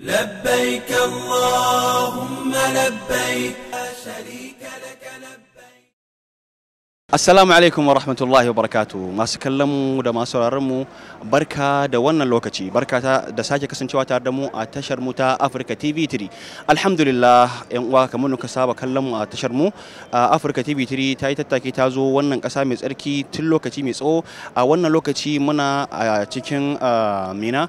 لبيك اللهم لبيك شريك Assalamu alaikum wa rahmatullahi wa barakatu masu kallon mu da masu mu barka da wannan lokaci barka da sake kasancewa tare da mu a tashar mu ta Africa TV 3 alhamdulillah yan uwa kamar ka saba kallon mu a tashar mu Africa TV 3 ta yi tattaki ta zo wannan kasa mai tsarki tun lokaci mai tsawo a wannan lokaci muna a cikin Mina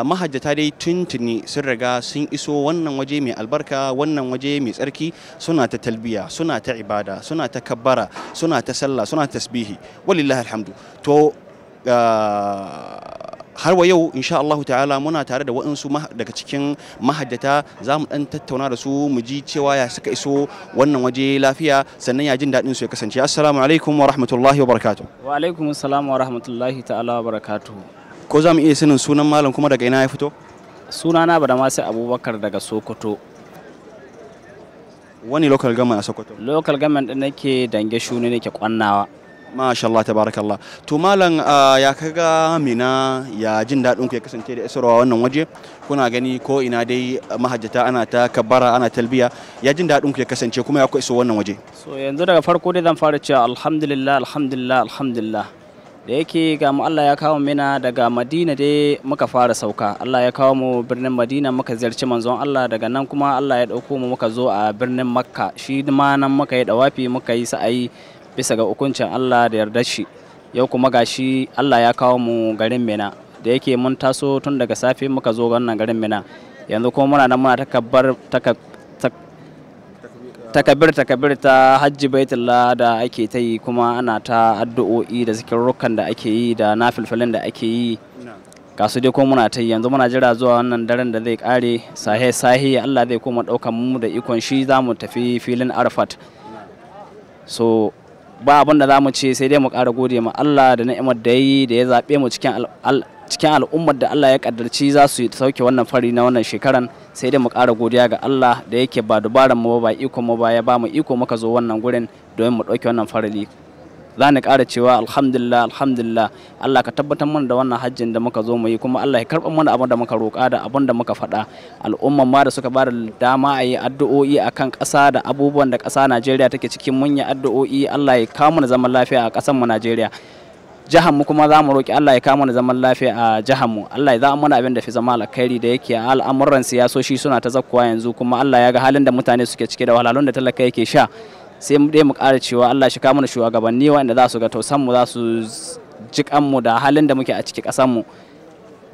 mahajjata dai tuntuni sun riga sun iso wannan waje mai albarka wannan waje mai tsarki suna ta talbiya suna ta ibada suna ta kabbara suna ta sallah suna tasbihi walillahi alhamdu to ah, har wa yau insha Allah ta'ala muna tare da waɗansu daga cikin mahaddata za mu ɗan tattauna da su mu ji cewa ya suka iso wannan waje lafiya sannan ya jin daɗin su ya kasance assalamu alaikum wa rahmatullahi wa barakatuh wa alaikum assalam wa rahmatullahi ta'ala wa barakatuh ko za mu iya sanin sunan malam kuma daga ina ya fito sunana bada sai abubakar daga sokoto wani local government a sokoto local government din nake dange shuni nake kwannawa masha Allah tabarakallah to malam ah, ya kaga mina ya jin daɗin ku ya kasance da isarwa wannan waje kuna gani ko ina dai mahajjata ana ta kabbara ana talbiya ya jin daɗin ku ya kasance kuma ya ku iso wannan waje so yanzu daga farko dai zan fara cewa alhamdulillah alhamdulillah alhamdulillah da yake ga mu Allah ya kawo mina daga Madina dai muka fara sauka Allah ya kawo mu birnin Madina muka ziyarci manzon Allah daga nan kuma Allah ya dauko mu muka zo a birnin Makka shi ma nan muka yi dawafi muka yi sa'ayi bisa ga hukuncin Allah da yardar shi yau kuma gashi Allah ya kawo mu garin Mina da yake mun taso tun daga safe muka zo wannan garin Mina yanzu kuma muna nan muna takabbar takabir takabir ta hajji baitullah da ake ta yi kuma ana ta addu'o'i da zikirrukan da ake yi da nafilfilin da ake yi su dai ko muna ta yi yanzu muna jira zuwa wannan daren da zai kare sahe sahe Allah zai koma daukan mu da ikon shi za mu tafi filin arfat so ba abin da za mu ce sai dai mu kara gode ma Allah da ni'imar da yi da ya zaɓe mu cikin cikin al'ummar da Allah ya kaddarci za su sauke wannan fari na wannan shekaran sai dai mu ƙara godiya ga Allah da yake ba dubaran mu ba iko mu ba ya ba mu iko muka zo wannan gurin domin mu ɗauki wannan farali za ni ƙara cewa alhamdulillah alhamdulillah Allah ka tabbatar mana da wannan hajjin da muka zo mu yi kuma Allah ya karɓar mana abin da muka roƙa da abin da muka faɗa Al'ummar ma da suka ba da dama a yi addu'o'i akan ƙasa da abubuwan da ƙasa Najeriya take cikin mun yi addu'o'i Allah ya kawo mana zaman lafiya a ƙasar mu Najeriya jihar mu kuma za mu roki Allah ya kama zaman lafiya a jihar mu Allah ya za mana abin da fi zama alkhairi da yake al'amuran siyasoshi suna ta zakkuwa yanzu kuma Allah ya ga halin da mutane suke cike da wahalhalun da talaka yake sha sai mu dai mu ƙara cewa Allah shi kama shugabanni wanda za su ga tausan mu za su jikan mu da halin da muke a ciki ƙasar mu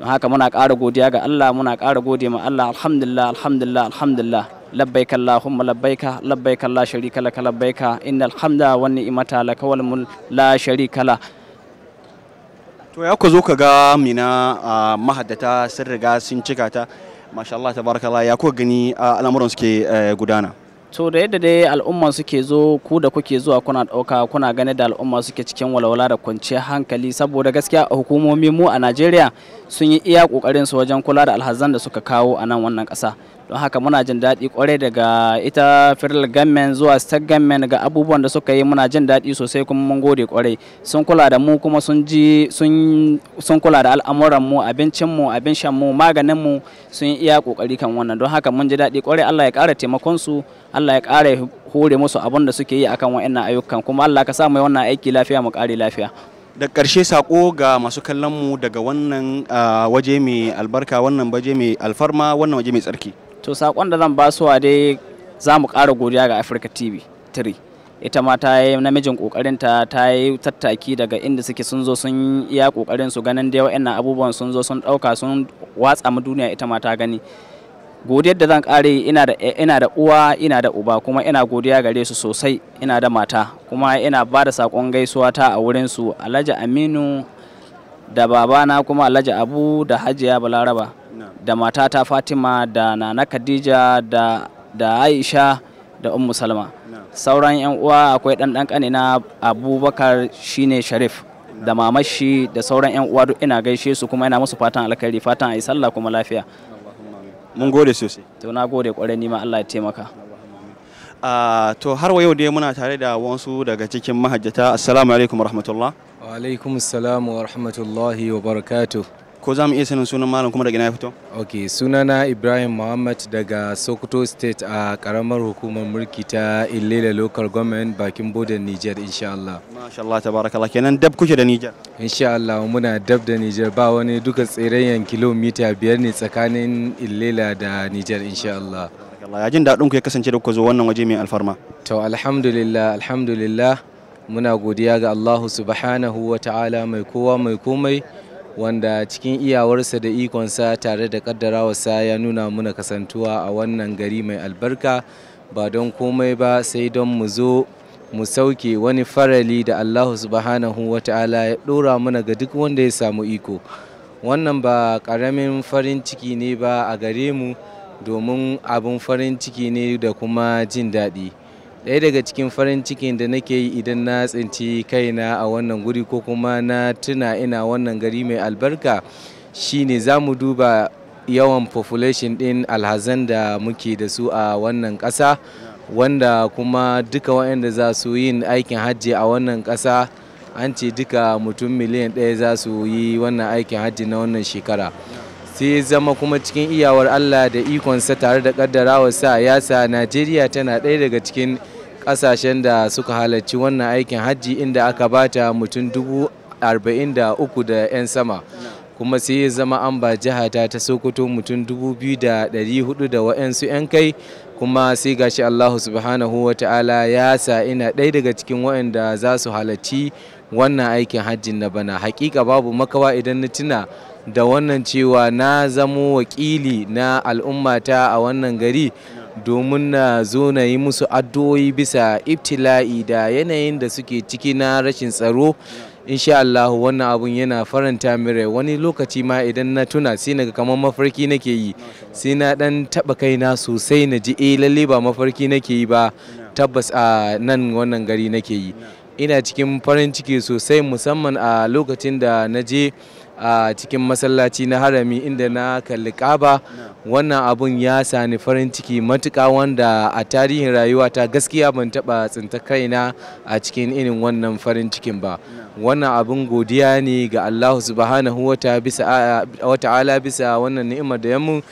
don haka muna ƙara godiya ga Allah muna ƙara gode ma Allah alhamdulillah alhamdulillah alhamdulillah labbaik allahumma labbaik labbaik la sharika lak labbaik innal hamda wan ni'mata lak wal la sharika to ya ku zo ka ga mina a mahaddata sun riga sun cika ta masha Allah tabarakallah ya ku gani al'amuran suke eh, gudana to da yadda dai al'umma suke zo ku da kuke zuwa kuna ɗauka kuna gane da al'umma suke cikin walwala da kwanciyar hankali saboda gaskiya a hukumomi mu a najeriya sun yi iya kokarin su wajen kula da alhazan da suka kawo a nan wannan kasa don haka muna jin daɗi kwarai daga ita federal government zuwa state government ga abubuwan da suka yi muna jin daɗi sosai kuma mun gode kwarai sun kula da mu kuma sun ji sun kula da al'amuran mu abincin mu abin shan mu maganin mu sun yi iya kokari kan wannan don haka mun ji daɗi kwarai Allah ya ƙara taimakon su Allah ya ƙara hore musu abin da suke yi akan wa'annan ayyukan kuma Allah ka sa mu wannan aiki lafiya mu ƙare lafiya da karshe sako ga masu kallon mu daga wannan waje mai albarka wannan waje mai alfarma wannan waje mai tsarki to sakon da zan ba su dai za mu ƙara godiya ga afirka TV 3 ita ma ta yi namijin kokarin ta yi tattaki daga inda suke sun zo sun iya kokarin su ganin da yawa abubuwan sun zo sun dauka sun watsa mu duniya ita ma ta gani godiyar da zan kare ina da uwa ina da uba kuma ina godiya gare su sosai ina da mata kuma ina ba da sakon gaisuwa ta a wurin su Alhaji Aminu da babana kuma Alhaji Abu da Hajiya Balaraba da matata Fatima da Nana Khadija da Aisha da Ummu Salma sauran yan uwa akwai dan dan kanina Abubakar shine Sharif da mamashi da sauran yan uwa duk ina gaishe su kuma ina musu fatan alkhairi fatan ayi sallah kuma lafiya mun gode sosai to na gode kwarai nima Allah ya taimaka ah, to har wa yau dai muna tare da wasu daga cikin mahajjata assalamu alaikum warahmatullahi wa alaikum assalam wa rahmatullahi wa barakatuh ko za mu iya sanin sunan malam kuma daga ina ya fito ok sunana ibrahim muhammad daga sokoto state a karamar hukumar mulki ta illela local government bakin bodin niger insha Allah masha Allah tabarakallah kenan dab kuke da niger insha Allah muna dab da niger ba wani duka tsirayen kilomita biyar ne tsakanin illela da niger insha Allah ya jin daɗin ku ya kasance da ku zo wannan waje mai alfarma to alhamdulillah alhamdulillah muna godiya ga Allahu subhanahu wa ta'ala mai kowa mai komai wanda cikin iyawarsa da ikonsa tare da kaddarawarsa ya nuna muna kasantuwa a wannan gari mai albarka ba don komai ba sai don mu zo mu sauke wani farali da allahu subhanahu wa ya ɗora muna ga duk wanda ya samu iko wannan ba ƙaramin farin ciki ne ba a gare mu domin abin farin ciki ne da kuma jin daɗi ɗaya daga cikin farin cikin da nake yi idan na tsinci kaina a wannan guri ko kuma na tuna ina wannan gari mai albarka shine za mu duba yawan population ɗin alhazan da muke da su a wannan ƙasa wanda kuma duka waɗanda za su yin aikin hajji a wannan ƙasa an ce duka mutum miliyan ɗaya za su yi wannan aikin hajji na wannan shekara sai zama kuma cikin iyawar allah da ikonsa tare da ƙaddarawa sa yasa najeriya tana ɗaya daga cikin kasashen da suka halarci wannan aikin hajji inda aka bata mutum dubu arba'in da uku da 'yan sama kuma sai zama an ba jihata ta sokoto mutum dubu biyu da ɗari hudu da wa'yansu 'yan kai kuma sai gashi allahu subhanahu wa ta'ala ya sa ina ɗaya daga cikin wa'anda za su halarci wannan aikin hajji na bana hakika babu makawa idan na tuna da wannan cewa na zamo wakili na al'ummata a wannan gari domin na zo na yi musu addu'o'i bisa ibtila'i da yanayin da suke ciki na rashin tsaro insha Allah wannan abun yana faranta mire wani lokaci ma idan na tuna sai naga kamar mafarki nake yi sai na dan taba kaina sosai na ji eh lalle ba mafarki nake yi ba tabbas a nan wannan gari nake yi ina cikin farin ciki sosai musamman a lokacin da na je a cikin masallaci na harami inda na kalli kaba wannan abun ya sani farin ciki matuka wanda a tarihin rayuwata gaskiya ban taɓa tsinta kaina a cikin irin wannan farin cikin ba wannan abun godiya ne ga allahu subhanahu wa ta'ala bisa wannan ni'imar da yamu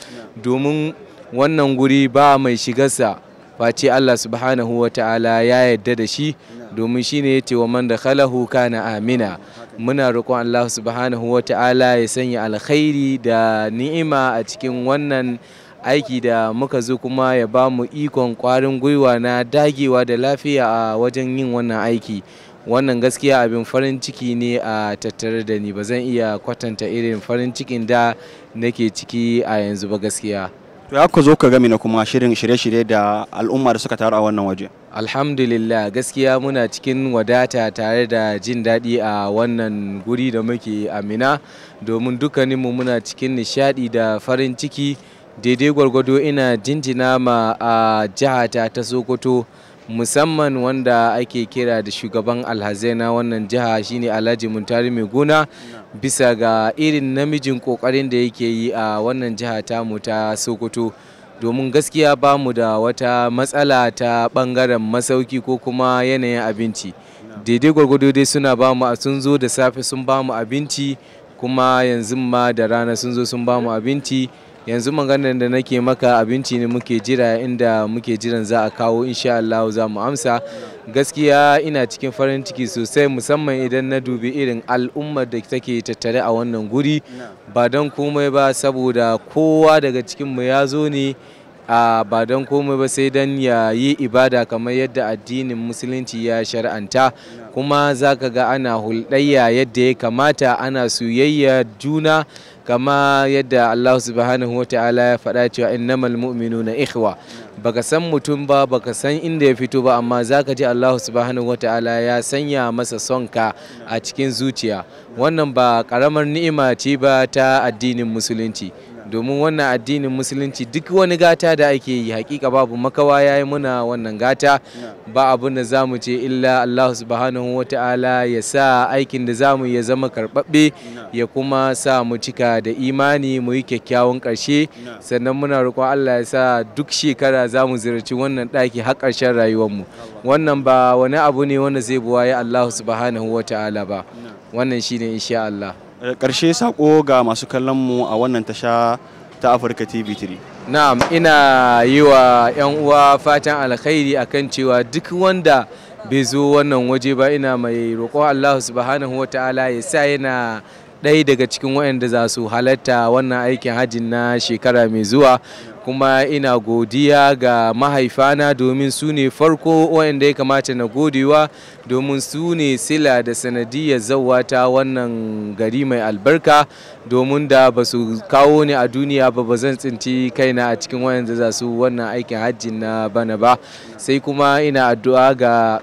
domin wannan guri ba mai shigarsa face allah subhanahu wa ta'ala ya yadda da shi domin shine ya ce wa man da khalahu kana amina muna roƙon Allah subhanahu wa ta'ala ya sanya alkhairi da ni'ima a cikin wannan aiki da muka zo kuma ya ba mu ikon ƙwarin gwiwa na dagewa da lafiya a wajen yin wannan aiki wannan gaskiya abin farin ciki ne a tattare da ni ba zan iya kwatanta irin farin cikin da nake ciki a yanzu ba gaskiya to ya ku zo ka gami na kuma shirin shirye-shirye da al'umma suka taru a wannan waje Alhamdulillah gaskiya muna cikin wadata tare da jin daɗi a wannan guri da muke amina domin dukkaninmu muna cikin nishaɗi da farin ciki daidai gwargwado ina jinjina ma a jihata ta Sokoto musamman wanda ake kira da shugaban alhazai wannan jiha shine Alhaji Muntari Mai Gona bisa ga irin namijin kokarin da yake yi a wannan jiha tamu ta Sokoto. domin gaskiya ba mu da wata matsala ta bangaren masauki ko kuma yanayin abinci daidai gwargwado dai suna ba mu sun zo da safe sun ba mu abinci kuma yanzu ma da rana sun zo sun ba mu abinci yanzu maganar da nake maka abinci ne muke jira inda muke jiran za a kawo insha Allah za mu amsa gaskiya ina cikin farin ciki sosai musamman idan na dubi irin al'ummar da take tattare a wannan guri ba don komai ba saboda kowa daga cikin mu ya zo ne a ba don komai ba sai don ya yi ibada kamar yadda addinin musulunci ya shar'anta kuma za ga ana hulɗayya yadda ya kamata ana soyayya juna kama yadda Allah subhanahu wa ta'ala ya faɗa cewa innamal mu'minuna ikhwa baka san mutum ba baka san inda ya fito ba amma zaka ji Allah subhanahu wa ta'ala ya sanya masa sonka a cikin zuciya wannan ba karamar ni'ima ce ba ta addinin musulunci domin wannan addinin musulunci duk wani gata da ake yi hakika babu makawa ya yi muna wannan gata ba abin da zamu ce illa Allah subhanahu wa ta'ala ya sa aikin da zamu ya zama karbabbe ya kuma sa mu cika da imani mu yi kyakkyawan karshe sannan muna roƙon Allah ya sa duk shekara zamu ziyarci wannan ɗaki har rayuwar mu wannan ba wani abu ne wanda zai buwaye Allah subhanahu wa ba wannan shine insha Allah karshe eh, sako ga masu kallon mu a wannan tasha ta Afirka TV3. Na'am ina yi wa 'yan uwa fatan alkhairi kan cewa duk wanda bai zo wannan waje ba ina mai roƙo allahu subhanahu wa ta'ala ya sa yana ɗaya daga cikin waɗanda za su halatta wannan aikin hajji na shekara mai zuwa kuma ina godiya ga mahaifana domin su ne farko wanda ya kamata na godewa domin su ne sila da sanadiyar ta wannan gari mai albarka domin da ba su kawo ni a duniya ba ba zan tsinci kaina a cikin wayanda za su wannan aikin hajji na bana ba sai kuma ina addu'a ga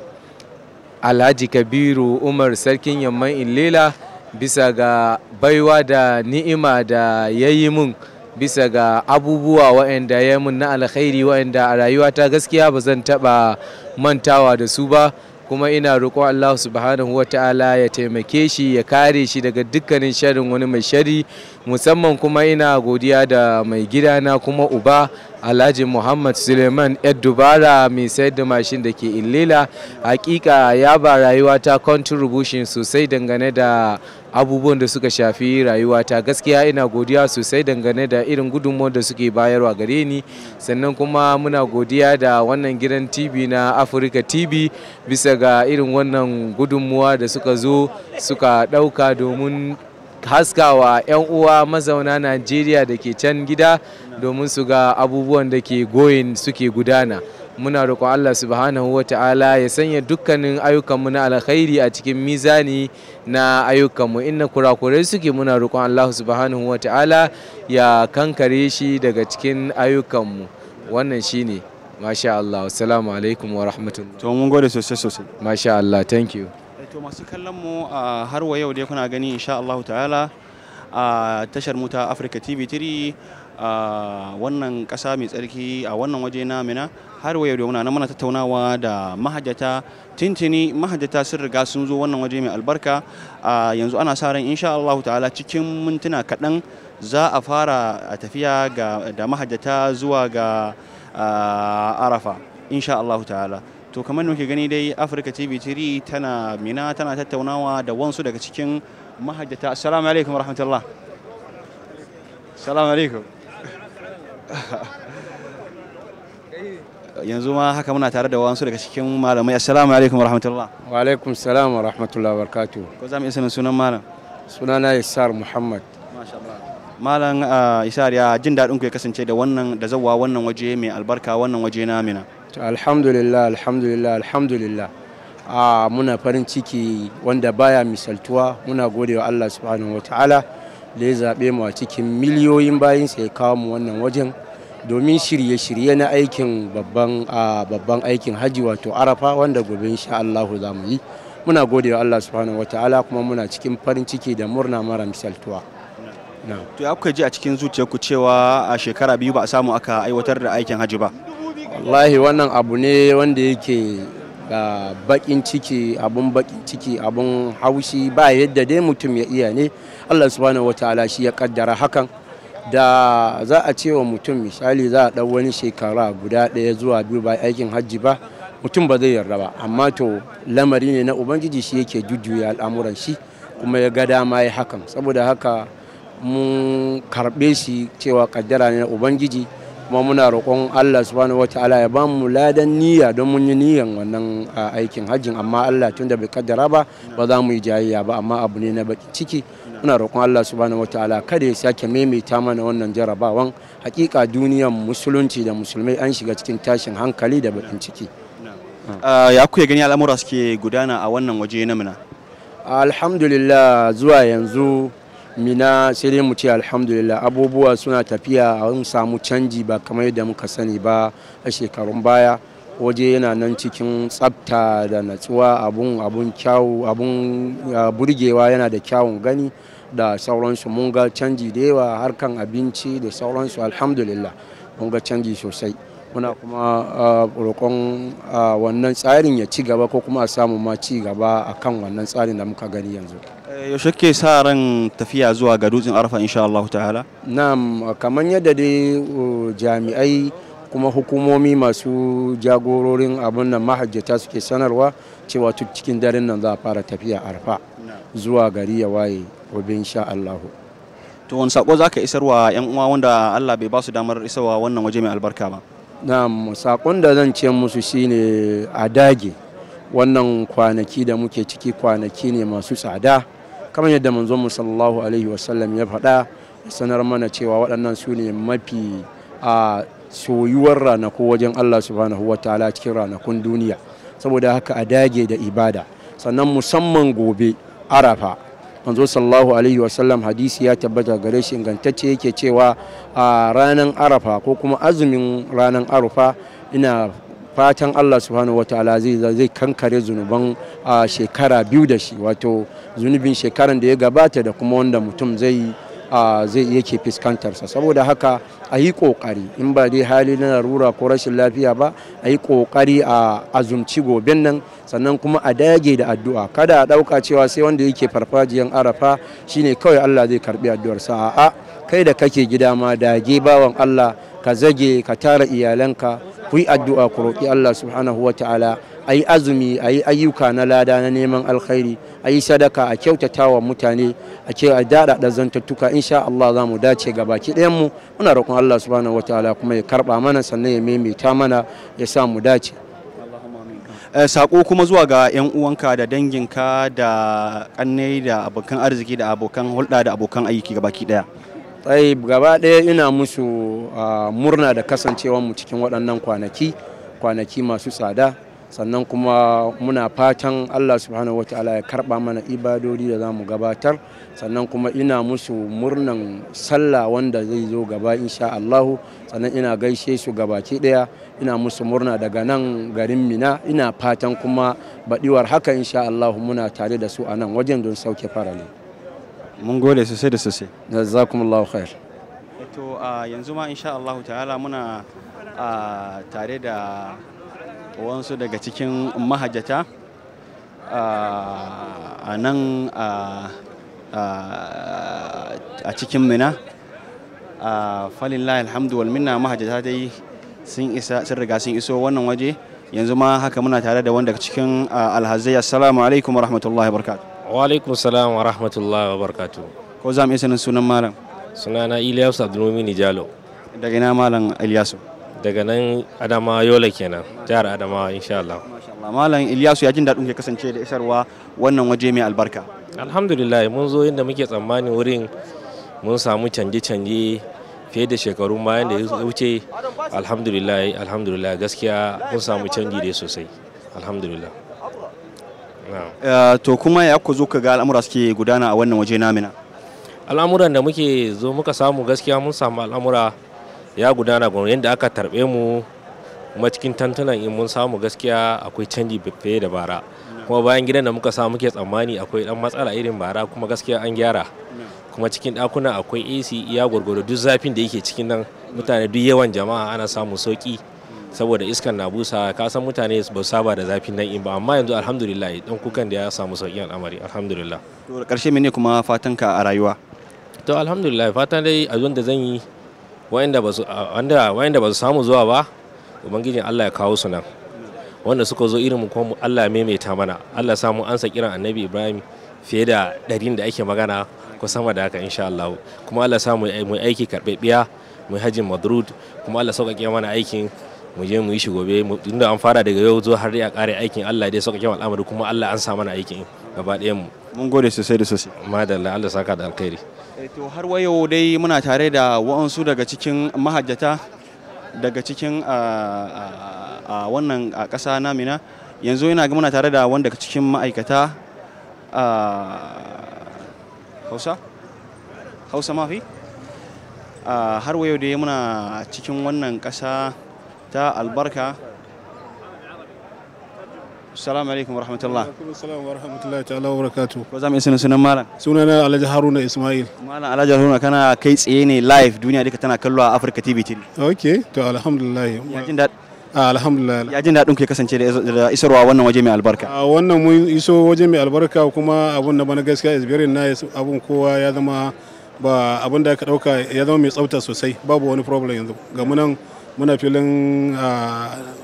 alhaji kabiru umar sarkin yamman lela, bisa ga baiwa da ni'ima da ya yi mun bisa ga abubuwa waɗanda ya mun na alkhairi waɗanda a rayuwa ta gaskiya ba zan taɓa mantawa da su ba kuma ina roƙon Allah subhanahu wa ta'ala ya taimake shi ya kare shi daga dukkanin sharrin wani mai shari musamman kuma ina godiya da mai gidana kuma uba alhaji muhammad suleiman dubara mai sayar da mashin da ke illila hakika ya ba rayuwa ta contribution sosai dangane da abubuwan da suka shafi rayuwa ta gaskiya ina godiya sosai dangane da irin gudunmuwa da suke bayarwa gare ni sannan kuma muna godiya da wannan gidan tv na afirka tv bisa ga irin wannan gudunmuwa da suka zo suka ɗauka domin haskawa 'yan uwa mazauna najeriya da ke can gida domin su ga abubuwan da ke goyin suke gudana muna roƙon allah subhanahu wa ta'ala ya sanya dukkanin ayyukanmu na alkhairi a cikin mizani na ayyukanmu inna kurakurai suke muna roƙon allah subhanahu wa ta'ala ya kankare shi daga cikin ayyukanmu wannan shine masha allah assalamu alaikum wa rahmatullah to mun gode sosai sosai masha allah thank you to masu kallon mu a har wa yau dai kuna gani insha Allah ta'ala a tashar mu ta Africa TV 3 a wannan kasa mai tsarki a wannan waje na Mina har wa yau da muna muna tattaunawa da mahajjata tintini mahajjata sun riga sun zo wannan waje mai albarka a yanzu ana sa ran insha Allah ta'ala cikin mintuna kaɗan za a fara a tafiya ga da mahajjata zuwa ga arafa insha Allah ta'ala to kamar da muke gani dai afirka tv tiri tana mina tana tattaunawa da wansu daga cikin mahajjata assalamu alaikum rahmatullah assalamu alaikum yanzu ma haka muna tare da wansu daga cikin malamai assalamu alaikum rahmatullah wa alaikum salam wa rahmatullah wa barakatuh ko za mu isa sunan malam sunana isar muhammad masha malam ah, isar ya jin daɗin ku ya kasance da wannan da zawa wannan waje mai albarka wannan waje na mina alhamdulillah alhamdulillah alhamdulillah Ah, muna farin ciki wanda baya misaltuwa muna gode wa allah subhanahu wa ta'ala da ya zaɓe mu a cikin miliyoyin bayinsa ya kawo mu wannan wajen domin shirye-shirye na aikin babban babban aikin haji wato arafa wanda gobe insha allahu za mu yi muna gode wa allah subhanahu wa ta'ala kuma muna cikin farin ciki da murna mara misaltuwa to ya kuka ji a cikin zuciyarku cewa a shekara biyu ba a samu aka aiwatar da aikin haji ba wallahi wannan abu ne wanda yake ga bakin ciki abun bakin ciki abun haushi ba yadda dai mutum ya iya ne allah subhanahu wa ta'ala shi ya kaddara hakan da za a ce wa mutum misali za a ɗau wani shekara guda ɗaya zuwa biyu ba aikin hajji ba mutum ba zai yarda ba amma to lamari ne na ubangiji shi yake jujjuya al'amuran shi kuma ya ga dama ya hakan saboda haka mun karɓe shi cewa kaddara ne na ubangiji kuma muna roƙon Allah subhanahu wataala ya ba mu ladan niyya don mun yi niyyan wannan aikin hajjin amma Allah tunda bai kaddara ba ba za mu yi jayayya ba amma abu ne na baki ciki muna roƙon Allah subhanahu wataala kada ya sake maimaita mana wannan jarabawan hakika duniyar musulunci da musulmai an shiga cikin tashin hankali da bakin ciki ya kuya gani al'amura suke gudana a wannan waje na muna alhamdulillah zuwa yanzu mina sai dai mu ce alhamdulillah abubuwa suna tafiya a samu canji ba kamar yadda muka sani ba a shekarun baya waje yana nan cikin tsafta da natsuwa abun abun kyawu abun burgewa yana da kyawun gani da sauransu mun ga canji da yawa harkan abinci da sauransu alhamdulillah mun ga canji sosai muna kuma roƙon wannan tsarin ya ci gaba ko kuma a samu ma ci gaba akan wannan tsarin da muka gani yanzu yaushe ke sa ran tafiya zuwa ga dutsen arfa insha Allah ta'ala na'am kamar yadda dai uh, jami'ai kuma hukumomi masu jagororin abin nan mahajjata suke sanarwa cewa cikin daren nan za a fara tafiya arfa zuwa gari ya waye gobe insha Allah to wani sako za ka isarwa yan uwa wanda Allah bai ba su damar isarwa wannan waje mai albarka ba na'am sakon da zan ce musu shine a dage wannan kwanaki da muke ciki kwanaki ne masu tsada kamar yadda manzo mu sallallahu alaihi wasallam ya faɗa sanar mana cewa waɗannan su ne mafi a soyuwar ranaku wajen Allah subhanahu wa ta'ala cikin ranakun duniya saboda haka a dage da ibada sannan musamman gobe arafa manzo sallallahu alaihi wasallam hadisi ya tabbata gare shi ingantacce yake cewa a ranar arafa ko kuma azumin ranar arafa ina fatan Allah subhanahu wataala zai zai kankare zunuban a shekara biyu da shi wato zunubin shekaran da ya gabata da kuma wanda mutum zai zai yake fuskantarsa saboda haka a yi ƙoƙari in ba dai hali na larura ko rashin lafiya ba a yi ƙoƙari a azumci goben nan sannan kuma a dage da addu'a kada a ɗauka cewa sai wanda yake farfajiyan arafa shine kawai allah zai karbi sa a'a kai da kake gida ma dage bawan allah ka zage ka tara iyalanka ku yi addu'a ku roƙi Allah subhanahu wa ta'ala a yi azumi a yi ayyuka na lada na neman alkhairi a yi sadaka a kyautata wa mutane a ce a daɗaɗa zantattuka insha Allah za mu dace ga baki mu muna roƙon Allah subhanahu wa ta'ala kuma ya karɓa mana sannan ya maimaita mana ya sa mu dace eh, sako kuma zuwa ga 'yan uwanka da danginka da ƙannai da abokan arziki da abokan hulɗa da abokan aiki ga baki ɗaya sai gaba ɗaya ina musu murna da kasancewa mu cikin waɗannan kwanaki kwanaki masu tsada sannan kuma muna fatan allah subhanahu ta'ala ya karɓa mana ibadodi da zamu gabatar sannan kuma ina musu murnan sallah wanda zai zo gaba insha allahu sannan ina gaishe su gabaki ɗaya ina musu murna daga nan garin mina ina fatan kuma baɗiwar haka insha allahu muna tare da su a nan wajen don sauke farali mun gode sosai da sosai jazakumullahu khair to yanzu ma insha Allah ta'ala muna tare da wansu daga cikin mahajjata a nan a cikin mina falillahi alhamdu wal minna mahajjata dai sun isa sun riga sun iso wannan waje yanzu ma haka muna tare da wanda cikin alhazai assalamu alaikum wa rahmatullahi wa barakatuh wa alaikum salam wa rahmatullahi wa barakatu ko za mu iya sanin sunan malam sunana Ilyasu Abdulmumini Jalo daga ina malam Ilyasu daga nan Adama Yola kenan jihar Adamawa insha Allah malam Ilyasu ya jin daɗin ke kasance da isarwa wannan waje mai albarka alhamdulillah mun zo inda muke tsammanin wurin mun samu canje-canje fiye da shekarun bayan da ya wuce alhamdulillah alhamdulillah gaskiya mun samu canji dai sosai alhamdulillah Eh, to kuma ya ku zo ka ga al'amura suke gudana a wannan waje namina al'amuran da muke zo muka samu gaskiya mun samu al'amura ya gudana gwamnati yadda aka tarbe mu kuma cikin tantunan in mun samu gaskiya akwai canji fiye da bara kuma bayan gidan da muka samu muke tsammani akwai dan matsala irin bara kuma gaskiya an gyara kuma cikin dakuna akwai ac ya gwargwado duk zafin da yake cikin nan mutane duk yawan jama'a ana samu sauki saboda iskar na busa ka san mutane ba saba da zafin nan ba amma yanzu alhamdulillah dan kukan da ya samu sauƙin al'amari alhamdulillah to karshe mene kuma fatan ka a rayuwa to alhamdulillah fatan dai abin da zan yi wanda ba su wanda ba su samu zuwa ba ubangijin Allah ya kawo su nan wanda suka zo irin kuma Allah ya maimaita mana Allah samu ansa kiran annabi Ibrahim fiye da ɗarin da ake magana ko sama da haka insha Allah kuma Allah samu mu aiki karɓaɓɓiya mu hajin madrud kuma Allah sauƙaƙe mana aikin mu je mu yi shi gobe inda an fara daga yau zo har ya kare aikin Allah dai sauƙaƙe al'amari kuma Allah an sa mana aikin gaba ɗaya mu mun gode sosai da sosai madalla Allah saka da alkhairi eh, to har wayo dai muna tare da wa'ansu daga cikin mahajjata daga cikin a ah, ah, ah, wannan ƙasa namina yanzu ina ga muna tare da wanda cikin ma'aikata hausa hausa mafi har wayo dai muna cikin wannan ƙasa ta albarka السلام عليكم wa الله السلام wa الله تعالى وبركاته وزام Ko zamu مالا sunan malam? Sunana Alhaji Haruna Ismail. Malam Alhaji Haruna kana kai tsaye ne live duniya أفريكا تي kallo a أوكي TV الحمد لله to alhamdulillah. Ya jin dad ah, ya jin kasance da isarwa wannan waje mai albarka a ah, wannan mun iso waje mai albarka kuma abun da bana gaskiya is very kowa ya zama ba abun da aka dauka ya zama mai tsafta sosai babu wani problem yanzu ga munan muna filin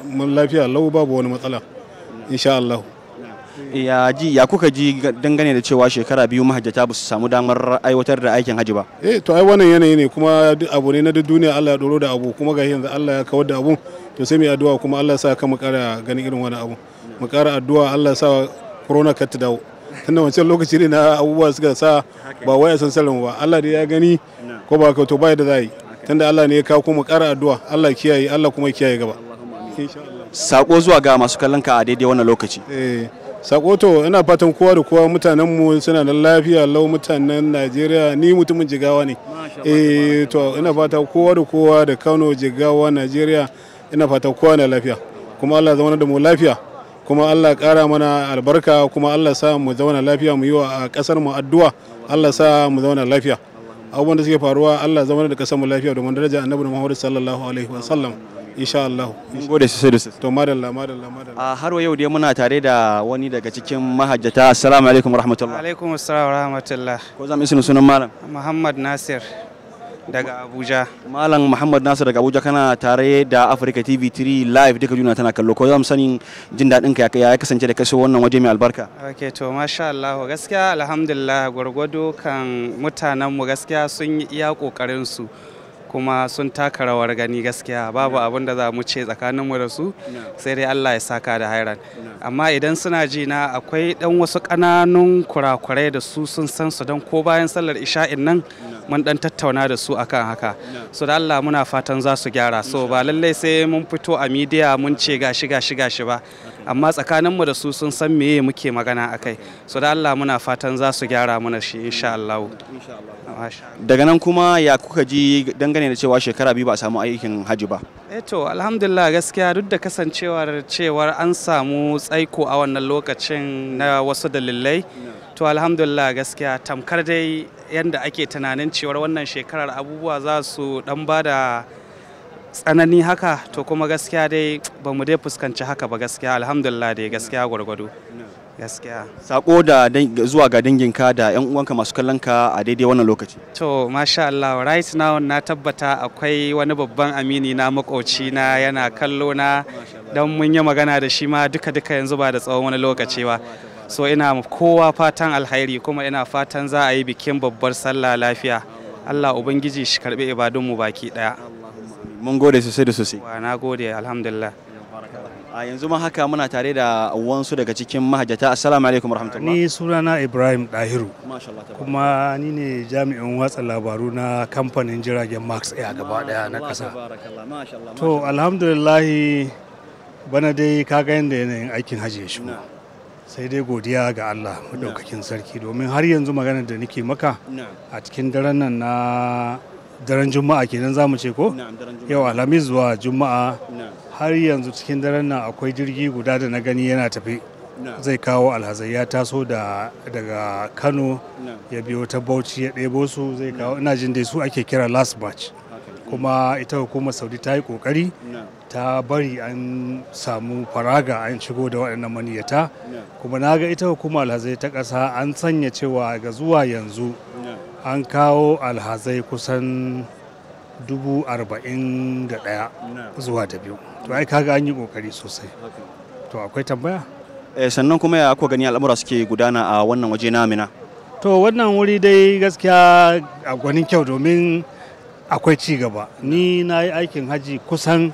mun lafiya lau babu wani matsala insha Allah ya ji ya kuka ji dangane da cewa shekara biyu mahajjata ba su samu damar aiwatar da aikin haji ba eh to ai wannan yanayi ne kuma abu ne na duk duniya Allah ya doro da abu kuma ga yanzu Allah ya kawar da abun to sai mu addu'a kuma Allah ya sa ka mu kara ganin irin wani abu mu kara addu'a Allah ya sa corona kar ta dawo tunda wancan lokaci ne na abubuwa suka sa ba waya san salama ba Allah dai ya gani ko ba ka to bai da zai tunda Allah ne ya kawo kuma ƙara addu'a Allah kiyaye Allah kuma kiyaye gaba sako zuwa ga masu kallon ka a daidai wannan lokaci eh sako to ina fatan kowa da kowa mutanen mu suna da lafiya lau mutanen Najeriya ni mutumin jigawa ne eh to ina fata kowa da kowa da Kano jigawa Najeriya ina fata kowa na lafiya kuma Allah zama da mu lafiya kuma Allah ƙara mana albarka kuma Allah sa mu zauna lafiya mu yi wa ƙasar mu addu'a Allah sa mu zauna lafiya abubuwan da suke faruwa Allah zama da kasar mu lafiya domin daraja annabi Muhammadu sallallahu alaihi wa sallam insha Allah mun gode sosai da to madalla madalla madalla har wa yau dai muna tare da wani daga cikin mahajjata assalamu alaikum warahmatullahi alaikum assalam rahmatullahi ko zamu isinu sunan malam Muhammad Nasir daga Abuja. Malam Muhammad Nasir daga Abuja kana tare da Africa TV 3 live duka juna tana kallo ko zan sanin jin daɗin ka ya kasance da kaso wannan waje mai albarka. Okay to masha Allah gaskiya alhamdulillah gwargwado kan mutanen mu gaskiya sun yi iya kokarin su. kuma sun taka rawar gani gaskiya babu abin da za mu ce tsakaninmu da su sai dai Allah ya saka da hairan amma idan suna ji na akwai dan wasu ƙananun kurakurai da su sun san su don ko bayan sallar isha'in nan mun dan tattauna da su akan haka su da Allah muna fatan za su gyara so ba lallai sai mun fito a midiya mun ce gashi gashi gashi ba amma tsakaninmu da su sun san meye muke magana a kai so da Allah muna fatan za su gyara mana shi insha Allah daga nan kuma ya kuka ji dangane da cewa shekara biyu ba a samu aikin haji ba Eto eh alhamdulillah gaskiya duk da kasancewar cewar an samu tsaiko a wannan lokacin na wasu dalilai to alhamdulillah gaskiya tamkar dai yadda ake tunanin cewar wannan shekarar abubuwa za su dan bada tsanani haka to kuma gaskiya dai ba mu dai fuskanci haka ba gaskiya alhamdulillah dai gaskiya gwargwado gaskiya sako da zuwa ga danginka da yan uwanka masu kallon ka a daidai wannan lokaci to masha Allah right now na tabbata akwai wani babban amini na makoci na yana kallo na dan mun yi magana da shi ma duka duka yanzu ba da tsawon wani lokaci ba so ina kowa fatan alhairi kuma ina fatan za a yi bikin babbar sallah lafiya Allah ubangiji shi karbe ibadunmu baki daya mun gode sosai da sosai na gode alhamdulillah a yanzu ma haka muna tare da wansu daga cikin mahajjata assalamu alaikum rahmatullah ni sunana ibrahim dahiru kuma ni ne jami'in watsa labaru na kamfanin jiragen max air gaba daya na kasa to alhamdulillah bana dai kaga yadda yanayin aikin hajji ya shigo sai dai godiya ga allah madaukakin sarki domin har yanzu magana da nake maka a cikin daren nan na daren juma'a kenan za mu ce ko yau alhamis zuwa juma'a har yanzu cikin daren nan akwai jirgi guda da na gani yana tafi zai kawo alhazai ya taso daga kano ya biyo ta bauchi ya ɗebo su zai kawo ina jin dai su ake kira last batch kuma ita hukumar saudi ta yi kokari ta bari an samu faraga an shigo da waɗannan maniyata kuma na ga ita hukumar alhazai ta ƙasa an sanya cewa ga zuwa yanzu an kawo alhazai kusan dubu arba'in da ɗaya zuwa da biyu to ai kaga an yi ƙoƙari sosai to akwai tambaya eh, sannan kuma ya kuka gani al'amura suke gudana a wannan waje na amina to wannan wuri dai gaskiya a gwanin kyau domin akwai ci gaba ni na yi aikin haji kusan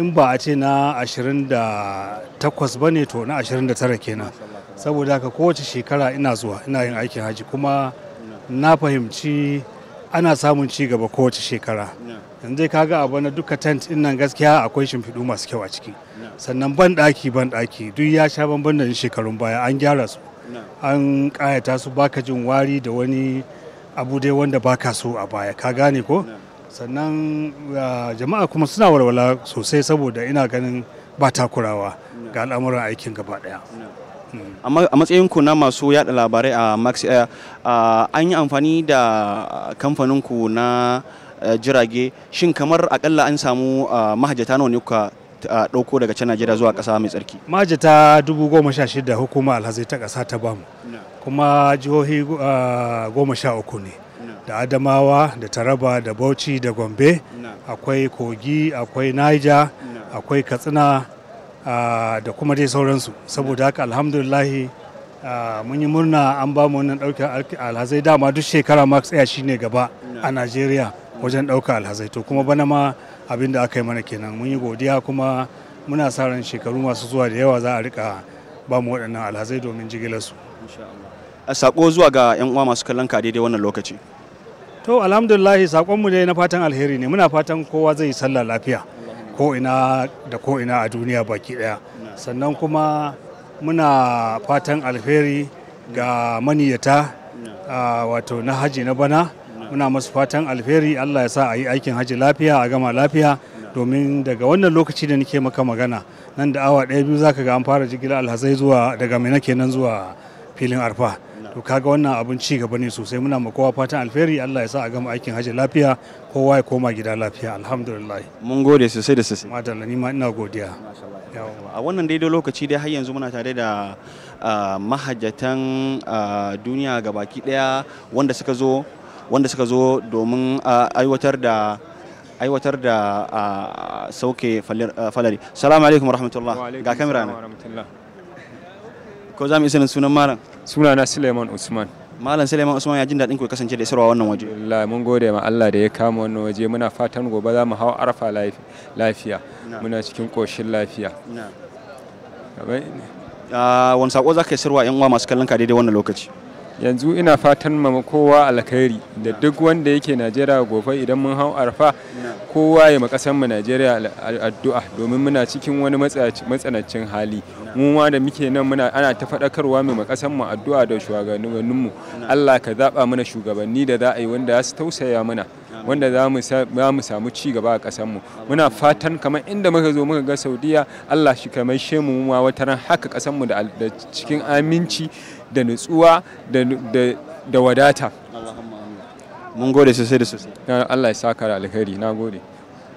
in ba a ce na 28 ba ne to na 29 kenan saboda haka kowace shekara ina zuwa ina yin aikin haji kuma na fahimci ana samun ci gaba kowace shekara yanzu dai kaga abu na duka tent din nan gaskiya akwai shimfiɗu masu kyau a ciki sannan ban ɗaki ban ɗaki duk ya sha bamban da shekarun baya an gyara su an ƙayata su baka jin wari da wani abu dai wanda baka so a baya ka gane ko sannan jama'a kuma suna walwala sosai saboda ina ganin ba takurawa ga al'amuran aikin gaba ɗaya. a matsayin ku na masu yada labarai a max air an yi amfani da kamfanin ku na eh, jirage shin kamar akalla an samu eh, mahajjata nawa ne kuka eh, ɗauko daga can najeriya zuwa kasa mai tsarki mahajjata dubu goma sha shida hukuma alhazai ta kasa ta bamu kuma jihohi goma sha uku ne da adamawa da taraba da bauchi da gombe akwai kogi akwai niger akwai katsina da kuma dai sauransu saboda haka alhamdulillahi mun yi murna an ba mu wannan ɗaukin alhazai dama duk shekara ma tsaya ne gaba a najeriya wajen ɗauka alhazai to kuma bana ma abin da aka yi mana kenan mun yi godiya kuma muna sa ran shekaru masu zuwa da yawa za a rika ba mu waɗannan alhazai domin jigilarsu a sako zuwa ga 'yan uwa masu kallon ka daidai wannan lokaci to alhamdulillahi sakonmu dai na fatan alheri ne muna fatan kowa zai yi sallah lafiya ko'ina da ko'ina a duniya baki daya sannan kuma muna fatan alheri ga maniyata wato na haji na bana muna masu fatan alheri allah ya sa a yi aikin haji lafiya a gama lafiya domin daga wannan lokaci da nake maka magana nan da awa ɗaya biyu zaka ga an fara jigilar alhazai zuwa daga mina kenan zuwa filin arfa to kaga wannan abun ci gaba ne sosai muna ma kowa fatan alheri Allah ya sa a gama aikin hajji lafiya kowa ya koma gida lafiya alhamdulillah mun gode sosai da sosai madalla ni ma ina godiya a wannan daidai lokaci dai har yanzu muna tare da mahajjatan duniya gabaki daya wanda suka zo wanda suka zo domin aiwatar da aiwatar da sauke falari salamu alaikum warahmatullah ga kamera na ko za mu isa sunan malam suna na suleiman usman malam suleiman usman ya jin daɗin ku kasance da isarwa wannan waje wallahi mun gode ma Allah da ya kama wannan waje muna fatan gobe za mu hawo arfa lafiya muna cikin koshin lafiya ah, wani sako za ka isarwa yan uwa masu kallon ka daidai wannan lokaci yanzu ina fatan ma kowa alkhairi da duk wanda yake najeriya gobe idan mun hau arfa kowa ya makasan mu najeriya addu'a domin muna cikin wani matsanancin hali mu ma da muke nan muna ana ta faɗakarwa mai makasan mu addu'a da shugabannin mu allah ka zaba mana shugabanni da za a yi wanda za su tausaya mana wanda za mu samu ci gaba a ƙasar mu muna fatan kamar inda muka zo muka ga saudiya allah shi kamar shemu ma wataran haka ƙasar mu da cikin aminci da nutsuwa da wadata mun gode sosai da sosai Allah ya saka da alkhairi na gode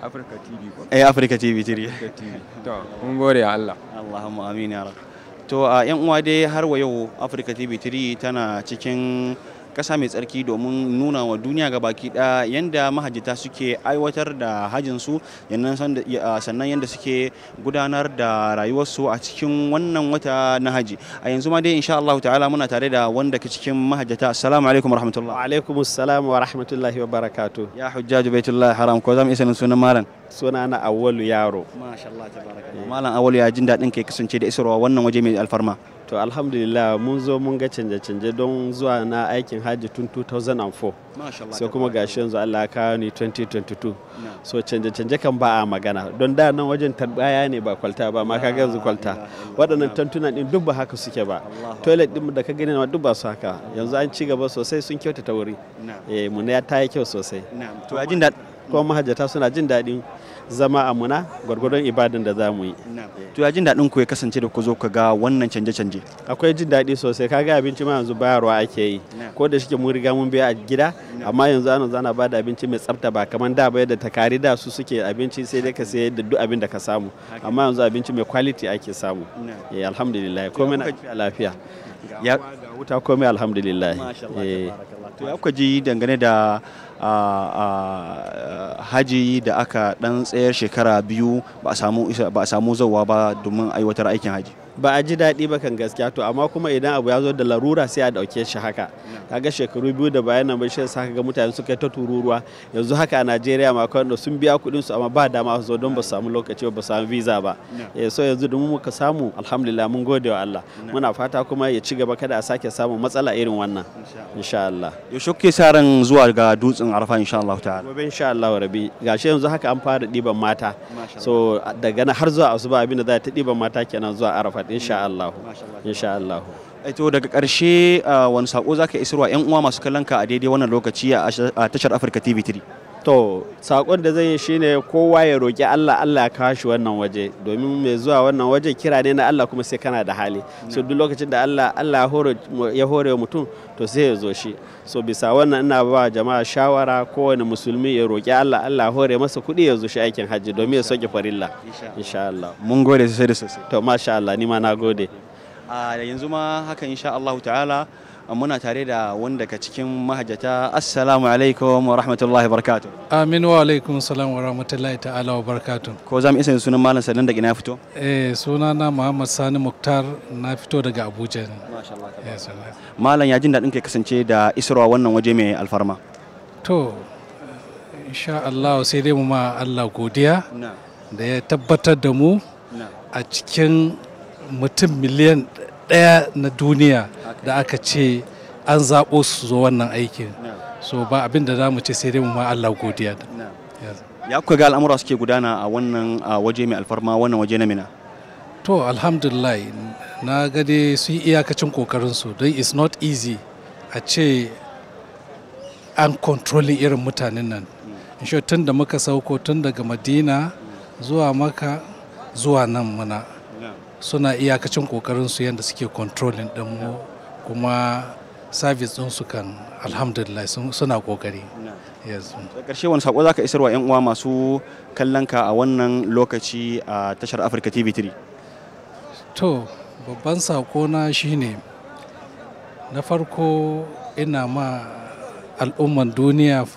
Afirka TV ko eh Afirka TV tiri to mun gode ya Allah Allahumma amin ya rab to a yan uwa dai har wa yau Afirka TV 3 tana cikin ƙasa mai tsarki domin nuna wa duniya ga baki ɗaya yadda mahajjata suke aiwatar da hajinsu sannan yadda suke gudanar da rayuwarsu a cikin wannan wata na haji a yanzu ma dai insha Allah ta'ala muna tare da wanda ke cikin mahajjata assalamu alaikum warahmatullahi wa alaikum assalam wa rahmatullahi wa barakatuh ya hujjaju baitullahi haram ko zamu isa sunan malam suna na awwalu yaro masha Allah tabaraka malam awwalu ya jin dadin kai kasance da isarwa wannan waje mai alfarma to alhamdulillah mun zo mun ga canje-canje don zuwa na aikin hajji tun 2004 Sai kuma gashi yanzu allah kawo ni 2022 so canje-canje kan ba a magana don da nan wajen tarbaya ne ba kwalta ba ma ka yanzu kwalta waɗannan tantuna ɗin duk ba haka suke ba toilet ɗin da ka gani na duk ba su haka yanzu an ci gaba sosai sun kyautata wuri eh mun ya ta yi kyau sosai to kuma mahajjata suna jin daɗin zama a muna gwargwadon ibadan da za mu yi. To ya jin daɗin ku ya kasance da ku zo ka ga wannan canje-canje? Akwai jin daɗi sosai kaga abinci ma yanzu bayarwa ake yi ko da shike mun riga mun biya a gida amma yanzu ana zana ba da abinci mai tsafta ba kamar da ba yadda takari da su suke abinci sai dai ka sayar da duk abin da ka samu amma yanzu abinci mai quality ake samu. Eh alhamdulillah komai na lafiya. Ya wuta komai alhamdulillah. Eh. To ya kuka ji dangane da a haji da aka ɗan tsayar shekara biyu ba a samu zawa ba domin aiwatar aikin haji. ba a ji daɗi ba kan gaskiya to amma kuma idan abu ya zo da larura sai a ɗauke shi haka kaga shekaru biyu da bayan nan shi sa ga mutane suka ta tururuwa yanzu haka a Najeriya ma kawai sun biya kuɗin su amma ba dama su zo don ba su samu lokaci ba su samu visa ba eh so yanzu da mu muka samu alhamdulillah mun gode wa Allah muna fata kuma ya ci gaba kada a sake samu matsala irin wannan insha Allah yaushe kuke saran zuwa ga dutsen Arfa insha Allah ta'ala gobe insha Allah rabi gashi yanzu haka an fara diban mata so daga nan har zuwa asuba abinda za ta diban mata kenan zuwa Arfa insha Allah insha Allah eh, to daga karshe eh, wani sako zaka isarwa yan uwa masu kallon ka a daidai wannan lokaci a tashar Africa TV 3 to sakon da zai yi ne kowa ya roƙi Allah Allah ya kawo shi wannan waje domin mai zuwa wannan waje kira ne na Allah kuma sai kana da hali so duk lokacin da Allah Allah ya hore mutum to sai ya zo shi so bisa wannan ina ba jama'a shawara kowane musulmi ya roƙi Allah Allah ya hore masa kuɗi ya zo shi aikin hajji domin ya soke farilla insha Allah mun gode sosai da sosai to masha Allah ni ma na gode yanzu ma haka insha Allah ta'ala muna tare da wanda ka cikin mahajjata assalamu alaikum wa rahmatullahi barkatu amin wa alaikum salam wa rahmatullahi ta'ala wa barkatu ko za mu isa sunan malam sanan da na fito eh suna na muhammad sani muktar na fito daga abuja ne malam ya jin daɗin kai kasance da isarwa wannan waje mai alfarma to insha Allah sai dai mu ma Allah godiya da ya tabbatar da mu a cikin mutum miliyan ɗaya na duniya da aka ce an zaɓo su zo wannan aikin so ba abin da za mu ce sai dai mu ma Allah godiya ya kuka ga al'amura suke gudana a wannan waje mai alfarma wannan waje na mina to alhamdulillah na gade su yi iyakacin kokarin su don it's not easy a ce an controlling irin mutanen nan mm. in tun da muka sauko tun daga madina zuwa maka zuwa nan muna suna iyakacin kokarin yadda suke controlling din mu kuma service din su kan alhamdulillah suna kokari karshe wani sako zaka isarwa yan uwa masu kallon ka a wannan lokaci a tashar Africa TV3 to babban sako na shine na farko ina ma al'umman duniya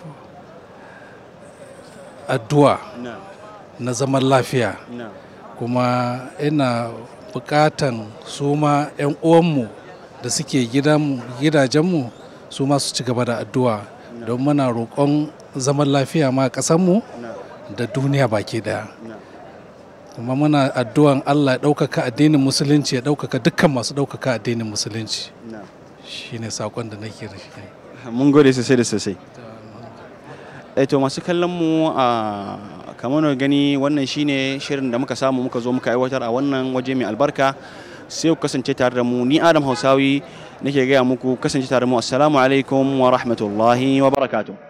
addu'a na zaman lafiya kuma ina bukatan su ma 'yan uwanmu da suke gidajenmu su ma su ci gaba da addu'a don muna roƙon zaman lafiya ma ƙasanmu da duniya baki daya kuma muna addu'an allah ya ɗaukaka addinin musulunci ya ɗaukaka dukkan masu ɗaukaka addinin musulunci shine sakon da nake da shi mun gode sosai da sosai eto eh masu kallon mu a ah, kamar gani wannan shine shirin da muka samu muka zo muka aiwatar a wannan waje mai albarka sai ku kasance tare da mu ni Adam Hausawi nake gaya muku kasance tare da mu assalamu alaikum wa rahmatullahi wa barakatuh